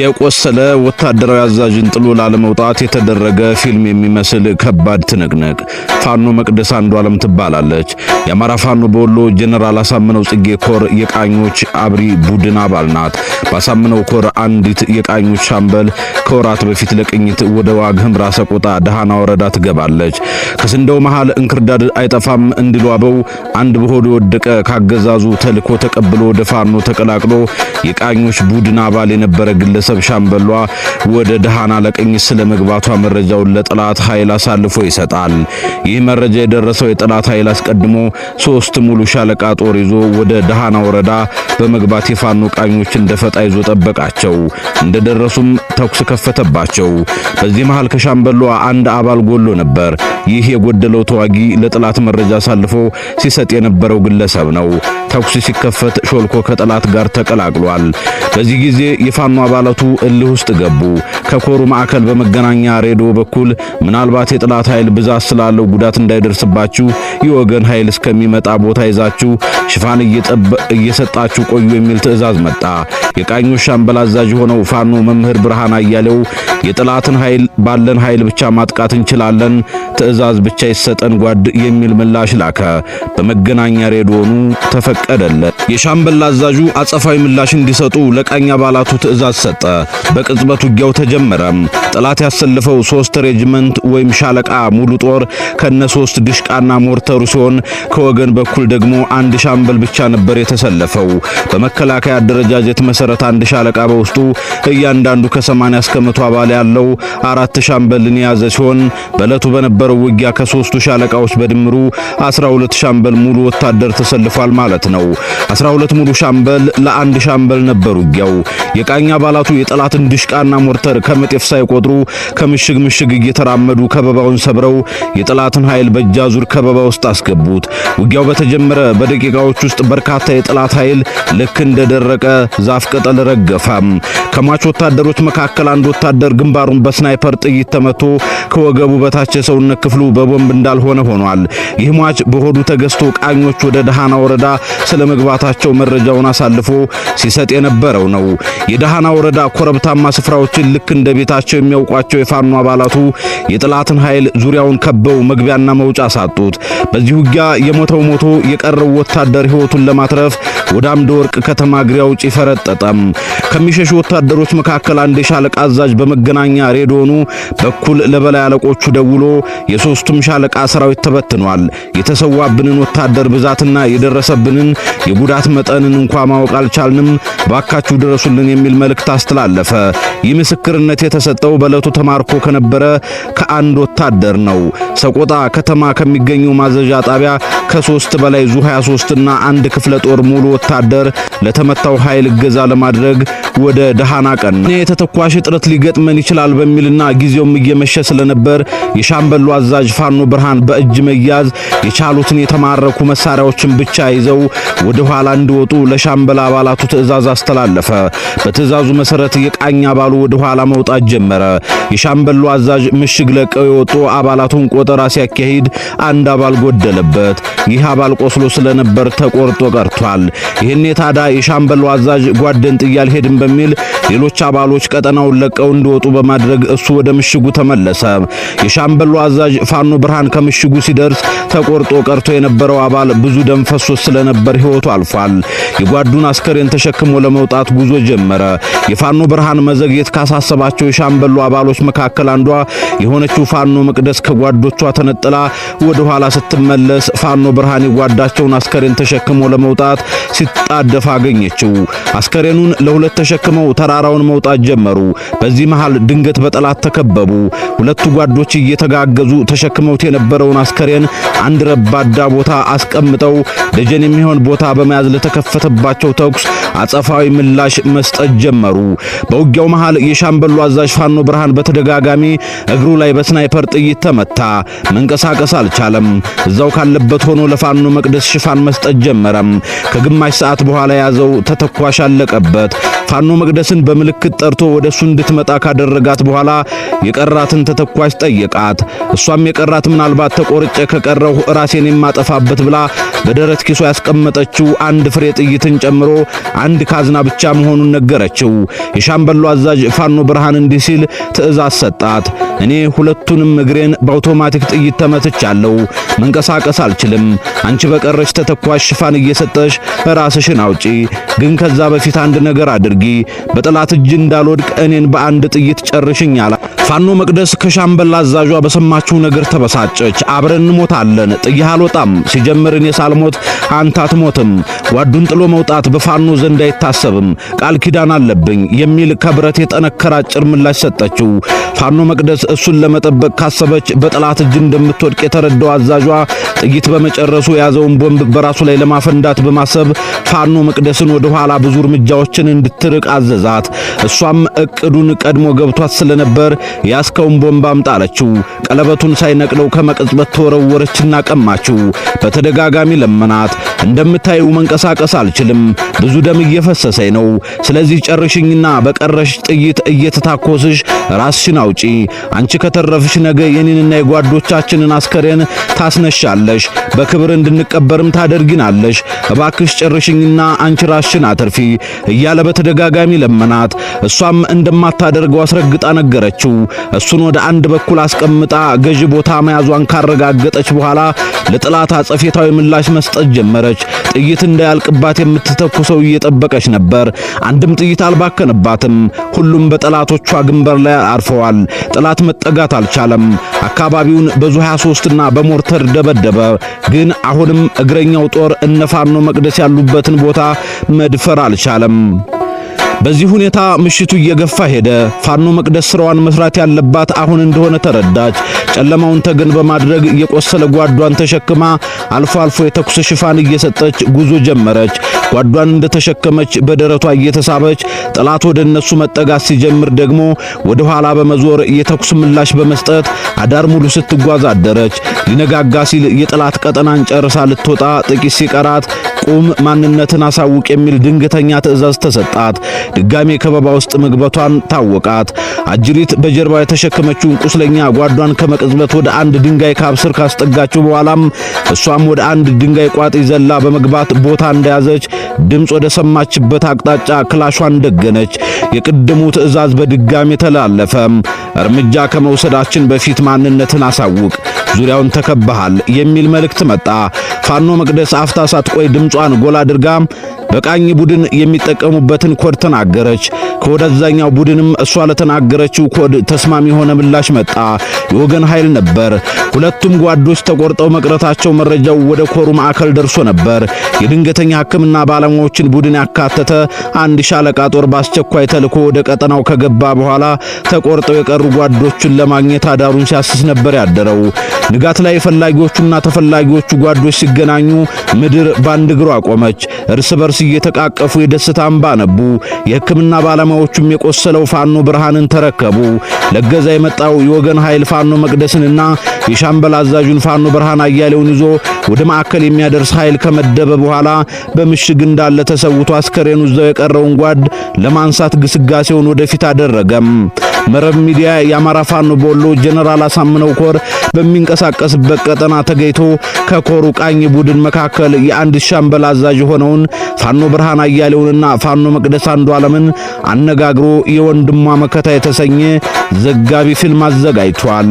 የቆሰለ ወታደራዊ አዛዥን ጥሎ ላለመውጣት የተደረገ ፊልም የሚመስል ከባድ ትንቅንቅ። ፋኖ መቅደስ አንዱ ዓለም ትባላለች። የአማራ ፋኖ በወሎ ጀነራል አሳምነው ጽጌ ኮር የቃኞች አብሪ ቡድን አባል ናት። በአሳምነው ኮር አንዲት የቃኞች ሻምበል ከወራት በፊት ለቅኝት ወደ ዋግ ሰቆጣ ደሃና ወረዳ ትገባለች። ከስንዴው መሃል እንክርዳድ አይጠፋም እንዲሉ አበው አንድ በሆዱ የወደቀ ካገዛዙ ተልኮ ተቀብሎ ወደ ፋኖ ተቀላቅሎ የቃኞች ቡድን አባል የነበረ ግለ ቤተሰብ ሻምበሏ ወደ ደሃና ለቅኝ ስለ መግባቷ መረጃውን ለጠላት ኃይል አሳልፎ ይሰጣል። ይህ መረጃ የደረሰው የጠላት ኃይል አስቀድሞ ሶስት ሙሉ ሻለቃ ጦር ይዞ ወደ ደሃና ወረዳ በመግባት የፋኖ ቃኞች እንደፈጣ ይዞ ጠበቃቸው። እንደደረሱም ተኩስ ከፈተባቸው። በዚህ መሃል ከሻምበሏ አንድ አባል ጎሎ ነበር። ይህ የጎደለው ተዋጊ ለጠላት መረጃ አሳልፎ ሲሰጥ የነበረው ግለሰብ ነው። ተኩስ ሲከፈት ሾልኮ ከጠላት ጋር ተቀላቅሏል። በዚህ ጊዜ የፋኖ አባል በማለቱ እልህ ውስጥ ገቡ። ከኮሩ ማዕከል በመገናኛ ሬዲዮ በኩል ምናልባት የጥላት ኃይል ብዛት ስላለው ጉዳት እንዳይደርስባችሁ የወገን ኃይል እስከሚመጣ ቦታ ይዛችሁ ሽፋን እየሰጣችሁ ቆዩ የሚል ትዕዛዝ መጣ። የቃኞች ሻምበል አዛዥ የሆነው ፋኖ መምህር ብርሃን አያሌው የጥላትን ኃይል ባለን ኃይል ብቻ ማጥቃት እንችላለን፣ ትዕዛዝ ብቻ ይሰጠን ጓድ የሚል ምላሽ ላከ። በመገናኛ ሬዲዮኑ ተፈቀደለት። የሻምበል አዛዡ አጸፋዊ ምላሽ እንዲሰጡ ለቃኝ አባላቱ ትዕዛዝ ሰጠ። ተሰጠ። በቅጽበት ውጊያው ተጀመረ። ጠላት ያሰለፈው ሶስት ሬጅመንት ወይም ሻለቃ ሙሉ ጦር ከነ ሶስት ድሽቃና ሞርተሩ ሲሆን ከወገን በኩል ደግሞ አንድ ሻምበል ብቻ ነበር የተሰለፈው። በመከላከያ አደረጃጀት መሰረት አንድ ሻለቃ በውስጡ እያንዳንዱ ከ80 እስከ 100 አባል ያለው አራት ሻምበልን የያዘ ሲሆን በእለቱ በነበረው ውጊያ ከሶስቱ ሻለቃዎች በድምሩ 12 ሻምበል ሙሉ ወታደር ተሰልፏል ማለት ነው። 12 ሙሉ ሻምበል ለአንድ ሻምበል ነበር ውጊያው። የቃኝ አባላቱ የጠላትን ድሽቃና ሞርተር ከመጤፍ ሳይቆ ሳይቆጥሩ ከምሽግ ምሽግ እየተራመዱ ከበባውን ሰብረው የጠላትን ኃይል በእጃዙር ከበባ ውስጥ አስገቡት። ውጊያው በተጀመረ በደቂቃዎች ውስጥ በርካታ የጠላት ኃይል ልክ እንደደረቀ ዛፍ ቅጠል ረገፋ። ከሟች ወታደሮች መካከል አንድ ወታደር ግንባሩን በስናይፐር ጥይት ተመቶ ከወገቡ በታች የሰውነት ክፍሉ በቦምብ እንዳልሆነ ሆኗል። ይህ ሟች በሆዱ ተገዝቶ ቃኞች ወደ ደሃና ወረዳ ስለ መግባታቸው መረጃውን አሳልፎ ሲሰጥ የነበረው ነው። የደሃና ወረዳ ኮረብታማ ስፍራዎችን ልክ እንደ ቤታቸው የሚያውቋቸው የፋኖ አባላቱ የጠላትን ኃይል ዙሪያውን ከበው መግቢያና መውጫ ሳጡት። በዚህ ውጊያ የሞተው ሞቶ የቀረው ወታደር ሕይወቱን ለማትረፍ ወደ አምደ ወርቅ ከተማ እግሬ አውጪ ፈረጠጠም። ከሚሸሹ ወታደሮች መካከል አንድ የሻለቃ አዛዥ በመገናኛ ሬዲዮኑ በኩል ለበላይ አለቆቹ ደውሎ የሶስቱም ሻለቃ ሰራዊት ተበትኗል፣ የተሰዋብንን ወታደር ብዛትና የደረሰብንን የጉዳት መጠንን እንኳ ማወቅ አልቻልንም፣ ባካችሁ ድረሱልን የሚል መልእክት አስተላለፈ። ይህ ምስክርነት የተሰጠው በዕለቱ ተማርኮ ከነበረ ከአንድ ወታደር ነው። ሰቆጣ ከተማ ከሚገኘው ማዘዣ ጣቢያ ከሶስት በላይ ዙ 23 እና አንድ ክፍለ ጦር ሙሉ ወታደር ለተመታው ኃይል እገዛ ለማድረግ ወደ ደሃና ቀን የተተኳሽ እጥረት ሊገጥመን ይችላል በሚልና ጊዜውም እየመሸ ስለነበር የሻምበሉ አዛዥ ፋኖ ብርሃን በእጅ መያዝ የቻሉትን የተማረኩ መሳሪያዎችን ብቻ ይዘው ወደ ኋላ እንዲወጡ ለሻምበል አባላቱ ትዕዛዝ አስተላለፈ። በትዕዛዙ መሰረት የቃኝ አባሉ ወደ ኋላ መውጣት ጀመረ። የሻምበሉ አዛዥ ምሽግ ለቀው የወጡ አባላቱን ቆጠራ ሲያካሂድ አንድ አባል ጎደለበት። ይህ አባል ቆስሎ ስለነበር ተቆርጦ ቀርቷል። ይህኔ ታዲያ የሻምበሉ አዛዥ ጓደን ጥያል ሄድን በሚል ሌሎች አባሎች ቀጠናውን ለቀው እንዲወጡ በማድረግ እሱ ወደ ምሽጉ ተመለሰ። የሻምበሉ አዛዥ ፋኖ ብርሃን ከምሽጉ ሲደርስ ተቆርጦ ቀርቶ የነበረው አባል ብዙ ደም ፈሶ ስለነበር ሕይወቱ አልፏል። የጓዱን አስከሬን ተሸክሞ ለመውጣት ጉዞ ጀመረ። የፋኖ ብርሃን መዘግየት ካሳሰባቸው የሻምበሉ አባሎች መካከል አንዷ የሆነችው ፋኖ መቅደስ ከጓዶቿ ተነጥላ ወደ ኋላ ስትመለስ ፋኖ ብርሃን የጓዳቸውን አስከሬን ተሸክሞ ለመውጣት ሲጣደፍ አገኘችው። አስከሬኑን ለሁለት ተሸክመው ተራራውን መውጣት ጀመሩ። በዚህ መሃል ድንገት በጠላት ተከበቡ። ሁለቱ ጓዶች እየተጋገዙ ተሸክመውት የነበረውን አስከሬን አንድ ረባዳ ቦታ አስቀምጠው ደጀን የሚሆን ቦታ በመያዝ ለተከፈተባቸው ተኩስ አጸፋዊ ምላሽ መስጠት ጀመሩ። በውጊያው መሃል የሻምበሉ አዛዥ ፋኖ ብርሃን በተደጋጋሚ እግሩ ላይ በስናይፐር ጥይት ተመታ። መንቀሳቀስ አልቻለም። እዛው ካለበት ሆኖ ለፋኖ መቅደስ ሽፋን መስጠት ጀመረም። ከግማሽ ሰዓት በኋላ የያዘው ተተኳሽ አለቀበት። ፋኖ መቅደስን በምልክት ጠርቶ ወደ እሱ እንድትመጣ ካደረጋት በኋላ የቀራትን ተተኳሽ ጠየቃት። እሷም የቀራት ምናልባት ተቆርጬ ከቀረው ራሴን የማጠፋበት ብላ በደረት ኪሷ ያስቀመጠችው አንድ ፍሬ ጥይትን ጨምሮ አንድ ካዝና ብቻ መሆኑን ነገረችው። የሻምበሉ አዛዥ ፋኖ ብርሃን እንዲህ ሲል ትዕዛዝ ሰጣት። እኔ ሁለቱንም እግሬን በአውቶማቲክ ጥይት ተመትቻለሁ። መንቀሳቀስ አልችልም። አንቺ በቀረች ተተኳሽ ሽፋን እየሰጠሽ ራስሽን አውጪ። ግን ከዛ በፊት አንድ ነገር አድርጊ በጠላት እጅ እንዳልወድቅ እኔን በአንድ ጥይት ጨርሽኝ አላ ፋኖ መቅደስ ከሻምበል አዛዧ በሰማችው ነገር ተበሳጨች። አብረን እንሞታለን ጥይህ አልወጣም ሲጀምር እኔ ሳልሞት አንተ አትሞትም፣ ጓዱን ጥሎ መውጣት በፋኖ ዘንድ አይታሰብም፣ ቃል ኪዳን አለብኝ የሚል ከብረት የጠነከረ አጭር ምላሽ ሰጠችው። ፋኖ መቅደስ እሱን ለመጠበቅ ካሰበች በጠላት እጅ እንደምትወድቅ የተረዳው አዛዧ ጥይት በመጨረሱ የያዘውን ቦምብ በራሱ ላይ ለማፈንዳት በማሰብ ፋኖ መቅደስን ወደ ኋላ ብዙ እርምጃዎችን እንድትርቅ አዘዛት። እሷም እቅዱን ቀድሞ ገብቷት ስለነበር ያስከውን ቦምብ አምጣለችው ቀለበቱን ሳይነቅለው ከመቅጽበት ተወረወረችና ቀማችው። በተደጋጋሚ ለመናት። እንደምታዩ መንቀሳቀስ አልችልም፣ ብዙ ደም እየፈሰሰኝ ነው። ስለዚህ ጨርሽኝና በቀረሽ ጥይት እየተታኮስሽ ራስሽን አውጪ። አንቺ ከተረፍሽ ነገ የኔንና የጓዶቻችንን አስከሬን ታስነሻለሽ፣ በክብር እንድንቀበርም ታደርጊናለሽ። እባክሽ ጨርሽኝና አንቺ ራስሽን አትርፊ እያለ በተደጋጋሚ ለመናት። እሷም እንደማታደርገው አስረግጣ ነገረችው። እሱን ወደ አንድ በኩል አስቀምጣ ገዢ ቦታ መያዟን ካረጋገጠች በኋላ ለጥላት አጸፌታዊ ምላሽ መስጠት ጀመረች። ቆመች። ጥይት እንዳያልቅባት የምትተኩሰው እየጠበቀች ነበር። አንድም ጥይት አልባከነባትም። ሁሉም በጠላቶቿ ግንበር ላይ አርፈዋል። ጠላት መጠጋት አልቻለም። አካባቢውን በዙ 23 እና በሞርተር ደበደበ። ግን አሁንም እግረኛው ጦር እነፋኖ መቅደስ ያሉበትን ቦታ መድፈር አልቻለም። በዚህ ሁኔታ ምሽቱ እየገፋ ሄደ። ፋኖ መቅደስ ስራዋን መስራት ያለባት አሁን እንደሆነ ተረዳች። ጨለማውን ተገን በማድረግ የቆሰለ ጓዷን ተሸክማ አልፎ አልፎ የተኩስ ሽፋን እየሰጠች ጉዞ ጀመረች። ጓዷን እንደተሸከመች በደረቷ እየተሳበች ጠላት ወደ እነሱ መጠጋት ሲጀምር ደግሞ ወደ ኋላ በመዞር የተኩስ ምላሽ በመስጠት አዳር ሙሉ ስትጓዝ አደረች። ሊነጋጋ ሲል የጠላት ቀጠናን ጨርሳ ልትወጣ ጥቂት ሲቀራት ቁም ማንነትን አሳውቅ የሚል ድንገተኛ ትዕዛዝ ተሰጣት። ድጋሜ ከበባ ውስጥ መግባቷን ታወቃት። አጅሪት በጀርባ የተሸከመችውን ቁስለኛ ጓዷን ከመቅጽበት ወደ አንድ ድንጋይ ካብስር ካስጠጋችው በኋላም እሷም ወደ አንድ ድንጋይ ቋጥ ይዘላ በመግባት ቦታ እንደያዘች ድምፅ ወደ ሰማችበት አቅጣጫ ክላሿን ደገነች። የቅድሙ ትዕዛዝ በድጋሜ ተላለፈ። እርምጃ ከመውሰዳችን በፊት ማንነትን አሳውቅ ዙሪያውን ተከባሃል የሚል መልእክት መጣ። ፋኖ መቅደስ አፍታ ሳትቆይ ድምጿን ጎላ አድርጋ በቃኝ ቡድን የሚጠቀሙበትን ኮድ ተናገረች። ከወደዛኛው ቡድንም እሷ ለተናገረችው ኮድ ተስማሚ የሆነ ምላሽ መጣ። የወገን ኃይል ነበር። ሁለቱም ጓዶች ተቆርጠው መቅረታቸው መረጃው ወደ ኮሩ ማዕከል ደርሶ ነበር። የድንገተኛ ሕክምና ባለሙያዎችን ቡድን ያካተተ አንድ ሻለቃ ጦር በአስቸኳይ ተልኮ ወደ ቀጠናው ከገባ በኋላ ተቆርጠው የቀሩ ጓዶችን ለማግኘት አዳሩን ሲያስስ ነበር ያደረው። ንጋት ላይ ፈላጊዎቹና ተፈላጊዎቹ ጓዶች ሲገናኙ ምድር ባንድ እግሯ ቆመች። እርስ በርስ እየተቃቀፉ የደስታ እንባ ነቡ። የሕክምና ባለሙያዎቹም የቆሰለው ፋኖ ብርሃንን ተረከቡ። ለገዛ የመጣው የወገን ኃይል ፋኖ መቅደስንና የሻምበል አዛዡን ፋኖ ብርሃን አያሌውን ይዞ ወደ ማዕከል የሚያደርስ ኃይል ከመደበ በኋላ በምሽግ እንዳለ ተሰውቶ አስከሬኑ እዛው የቀረውን ጓድ ለማንሳት ግስጋሴውን ወደፊት አደረገም። መረብ ሚዲያ የአማራ ፋኖ በወሎ ጀነራል አሳምነው ኮር በሚንቀሳቀስበት ቀጠና ተገኝቶ ከኮሩ ቃኝ ቡድን መካከል የአንድ ሻምበል አዛዥ የሆነውን ፋኖ ብርሃን አያሌውንና ፋኖ መቅደስ አንዱ ዓለምን አነጋግሮ የወንድሟ መከታ የተሰኘ ዘጋቢ ፊልም አዘጋጅቷል።